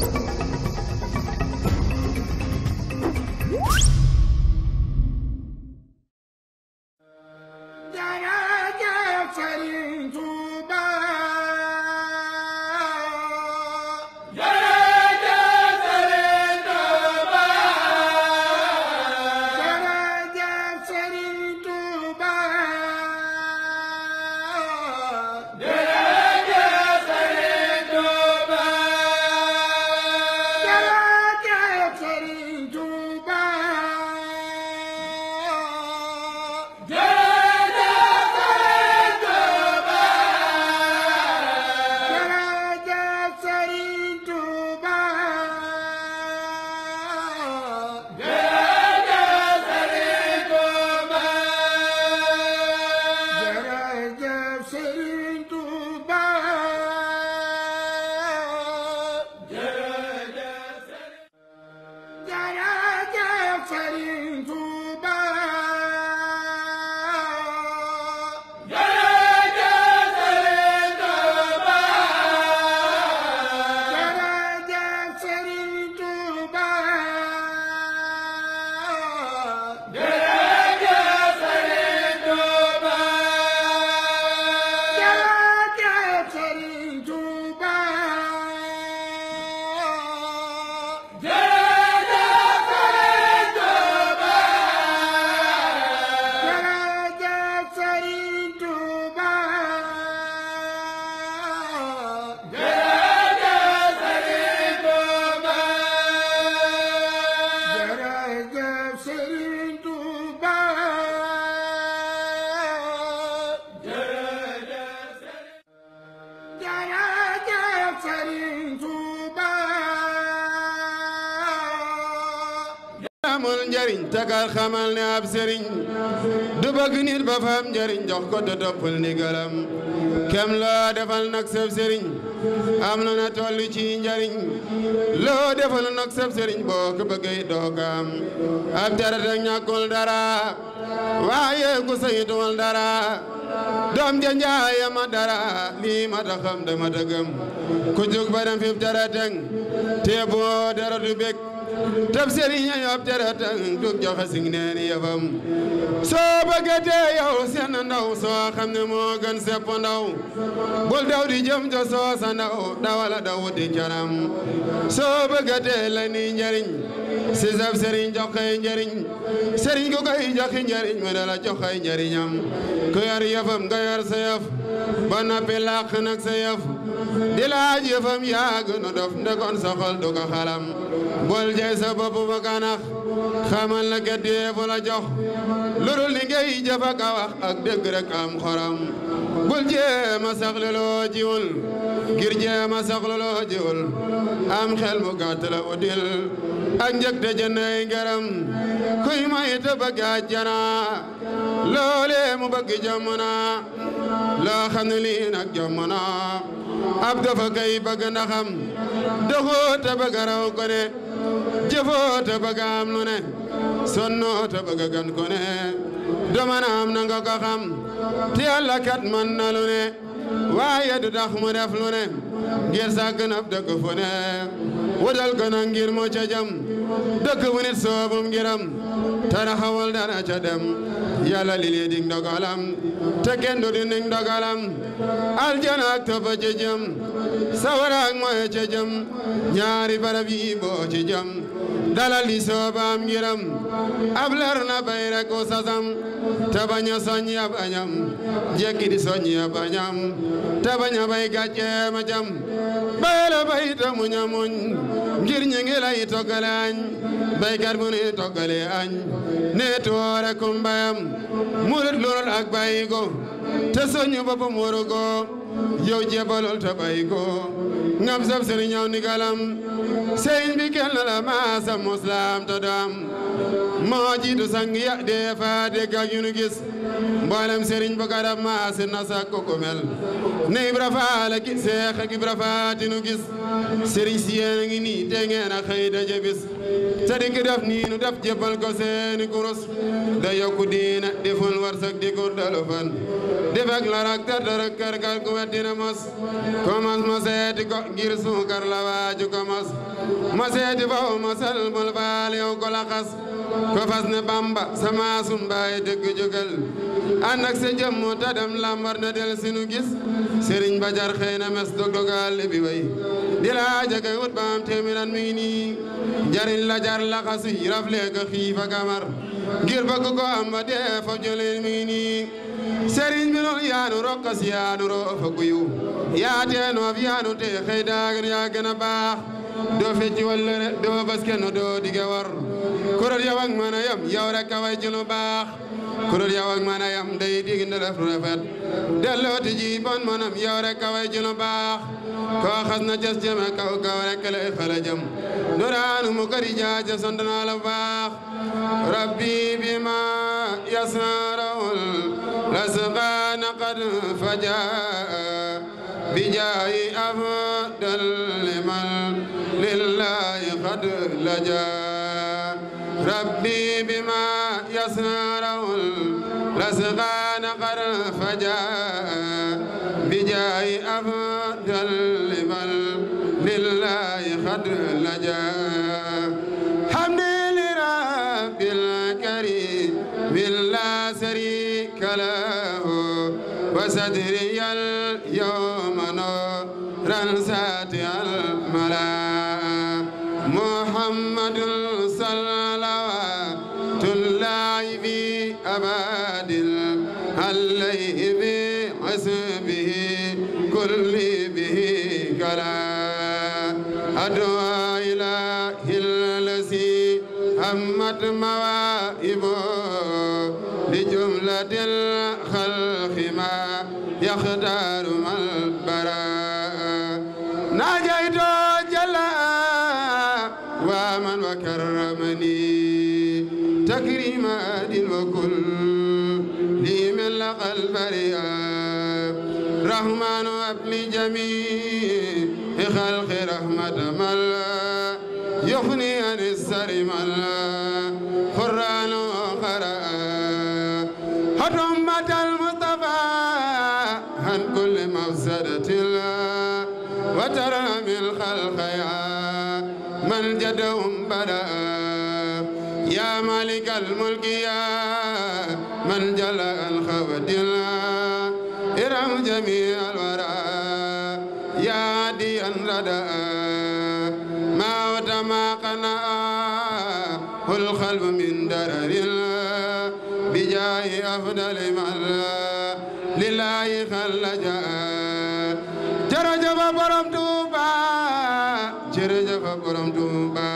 Thank you. درجة فرنتو njariñ takal xamal ne ab sëriñ du bëgg nit ba faam njariñ jox ko te toppal ndigalam kem loo defal nag sab sëriñ am na na toll ci njariñ loo defal nag sab sëriñ boo ko bëggee dookaam ab tarata ñàkkul dara waaye ku saytuwul dara doom ja njaaya ma dara lii ma taxam dama dëggam ku jug ba dem fi tarata te boo dara du bëgg tab sëriñ ab jaratan dug joxe sing neen yëfam soo bëggatee yow seen ndaw soo ne moo gën ndaw bul daw di jëm jo ndaw dawala daw di canam soo bëggatee la ni njariñ sisab sëriñ jox koy njëriñ sëriñ ku koy joxi njëriñ mu ne la jox koy njëriñam ku yor yëfam nga yor sa yëf ba noppi làq nag sa yëf di laaj yëfam yaa gënu dof ndekoon sa xol du ko xalam bol jey sa bopp ba kanax xamal na gedd yeefu la jox lu dul li ngay jëf ak a wax ak dëgg rek am xoram bul jéem a sax leloo jiwul ngir jéem a sax am xel mu gàtt la udil ak njëg te jëndee ngaram kuy may te bëgg àjjana loolee mu bëgg jàmm na loo xam ne lii nag jàmm na ab dafa kay ndaxam doxoo te bëgg raw ko ne jëfoo te bëgg am lu ne sonnoo te bëgg gan ko ne dama na nga ko xam. te yàlla kat mën na lu ne waaye du tax mu def lu ne ngir sàkk dëkk fu ne wutal ko na ngir ca jëm dëkk bu nit soobum ngiram te raxawal dara ca dem yàlla li lee te kenn di ning ndogalam aljana ak tëfa ca jëm sawara ñaari barab yi boo ci jëm dalal ab lar na bay rek ko sasam te bañ añam jekki di soññi ab añam te bañ bay gàccee ma jam bayala bay ta muñ a muñ ngir ñi toggale añ baykat bu ne toggale añ ne toore kumbayam murit loolal ak bàyyi ko te soñu boppam waru ko yow jébalul te bàyyi ko ngam sab sëriñ ñaw ndigalam sëriñ bi kenn la maasa muslam te doom moo jiitu sang ya dee fa dégg ak yu nu gis mboolem sëriñ bu kadab maasi na sakku ku mel ne Ibra Faal ak Seex ak Ibra Faal ti nu gis sëriñ si yéen a ngi nii te ngeen a xëy daje bis te di def nii def jébbal ko seeni kurus da yokku diina deful warsak di guddalu fan di fekk la rak te ku wet mos ko mos ma seeti ko ngir suukar la waaju ko mos ma seeti faw ma sel bul ko laxas ko fas ne bamba sama sun baay dëgg jógal ànd ak sa jëmm te dem lambar na del sinu gis sëriñ ba jar xëy na mes dog dogal way di laa jege wut baam téeméeran mi ngi nii sëriñ la jar la xasi rafle ka xiif ak amar ngir bëgg ko am ba dee fa jëlee mi ngi nii sëriñ yaanu rokkas yaanu roo fa guyu yaatee noof yaanu te xëy yaa gën baax doo fecc walla doo baske no doo dige war kuréel yow ak mën a yem yow a way ci baax kuréel yow ak mën a day dig ndalaf lu rafet dellooti ji bon mënam yow rek ka way ci lu baax koo xas na jas jëme kaw kaw rek la xala jëm nuraanu mu kari jaaja sant naa la baax rabbi bi ma yasnarawul lasqaana qad fajaa bi jaayi afdal liman lillahi qad lajaa rabbi bi ma yasnarawul رزقان قر فجاء بجاه أفضل لمن لله قد لجا حمدي لرب الكريم لا شريك له وصدري اليوم نورا ساتي الملا محمد الله الإله الذي همت موائبه لجملة الخلق ما يختار ما البراء ناجيت جلا ومن وكرمني تكريما وكل لي من لقى البرياء رحمن وابن جميع خلق رحمة ملأ يغني عن السلم القرآن قرأ هد أمة المصطفى عن كل مفسدة وترم الخلق يا من جدهم بدأ يا مالك الملك يا من جلى الخوادل ارحم جميع الورى يا ديان ردأ القلب من درر بجاه أفضل من لله خل جاء جرجف برم توبا جرجف برم توبا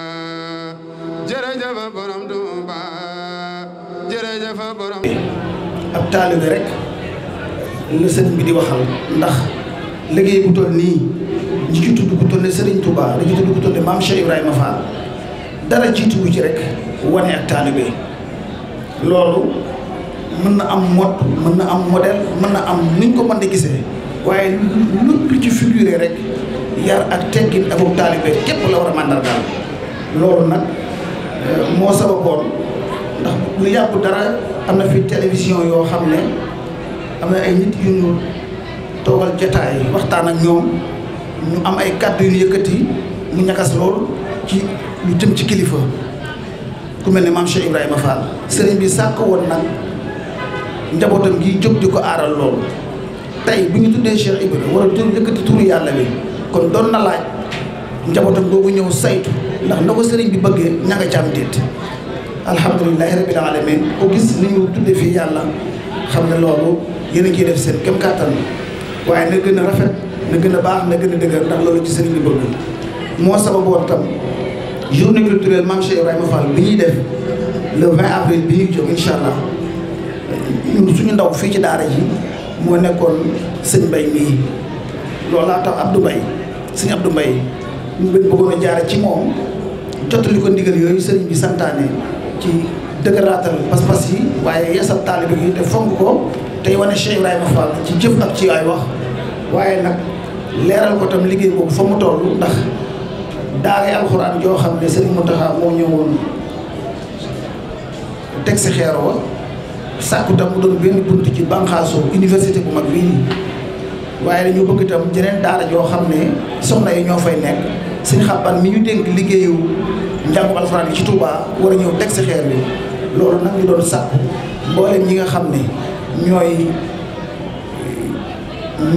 جرجف برم توبا جرجف برم ab taalibe rek la sëriñ bi di waxal ndax liggéey bu toll nii ñi ci tudd ku toll ne Sëriñ Tuubaa ñi ci tudd ku toll ne Maam Cheikh Ibrahima Fall dara jiitu wu ci rek wane ak taalibe loolu mën na am mode mën na am modèle mën na am nuñ ko mën di gisee waaye lu ci figuré rek yar ak teggin ak taalibe képp la war a màndargaal loolu nag euh, moo sababoon ndax lu yàggu dara am na fi télévision yoo xam ne am na ay nit yu ñu toogal jotaay waxtaan ak ñoom ñu am ay kàddu yu yëkkati mu ñakas lool ci lu jëm ci kilifa ku mel ni maam Cheikh Ibrahima Fall sëriñ bi sàkk woon nag njabootam gi jóg di ko aaral loolu tey bu ñu tuddee Cheikh Ibrahima war a tur yëkkati turu yàlla bi kon doon na laaj njabootam boobu ñëw saytu ndax na ko sëriñ bi bëggee ña nga càmm déet alhamdulilahi rabbil alamin ko gis ni ñu tuddee fii yàlla xam ne loolu yéen a ngi def seen kem kàttan waaye na gën a rafet na gën a baax na gën a dëgër ndax loolu ci sëriñ bi bëgg moo sababoon tam journée culturelle Mame Cheikh Ibrahima Fall bi ñuy def le 20 avril bi ñu jóg incha allah ñun suñu ndaw fii ci daara ji moo nekkoon sëñ mbay mii loolu laa tax Abdou Mbaye sëñ Abdou Mbaye ñu bëgg bëggoon a jaare ci moom jottali ko ndigal yooyu sëriñ bi santaane ci dëgëraatal pas-pas yi waaye yeesal taalibe yi te fonk ko tey wane Cheikh Ibrahima Fall ci jëf ak ci ay wax waaye nag leeral ko tam liggéey boobu fa mu toll ndax daara alxuraan joo xam ne sëriñ Mountakha moo ñëwoon teg si xeer wa sàkku tam mu doon benn bunt ci banqaasu université bu mag bii nii waaye dañu bëgg itam jeneen daara joo xam ne soxna yi ñoo fay nekk sëñ xàbban mi ñu dénk liggéeyu njàngu alxuraan yi ci Touba war a ñëw teg si xeer bi loolu nag ñu doon sàkku mboolem ñi nga xam ne ñooy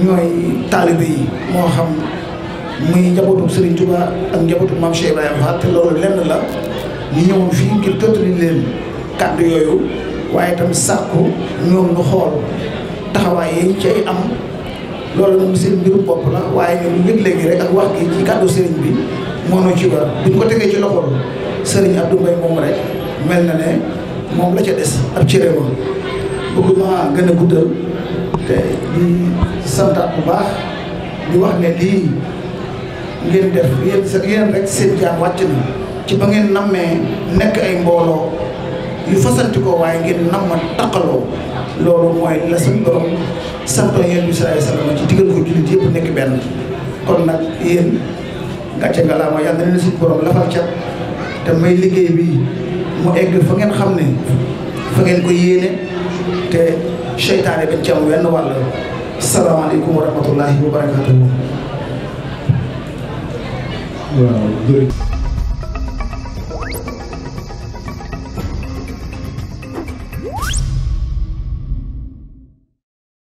ñooy taalibe yi moo xam muy njabootum Serigne Touba ak njabootum Mame Cheikh Ibrahima Fall te loolu lenn la ñu ñëwoon fii ngir tëttali leen kàddu yooyu waaye tam sàkku ñoom ñu xool taxawaay yi ci am loolu moom seen mbirum bopp la waaye ñun nit léegi rek ak wax gi ci kàddu sëriñ bi moo ñu ci war bu ñu ko tegee ci loxol sëriñ Abdou Mbaye moom rek mel na ne moom la ca des ab cere ma bëgguma gën a guddal te di santaat bu baax di wax ne lii ngeen def yéen sa yéen rek seen jaam wàcc na ci ba ngeen nammee nekk ay mbooloo yu fasanti ko waaye ngeen namm taqaloo loolu mooy la suñ borom santoon yéen bi salaay salaam ci digal ko jullit yëpp nekk benn kon nag yéen gàcce nga laa ma yàlla na leen suñ lafal cat te may liggéey bi mu egg fa ngeen xam ne fa ngeen ko yéene te seytaane bañ ci am wenn wàll salaamaaleykum wa rahmatullahi wa barakatuhu waaw jërëjëf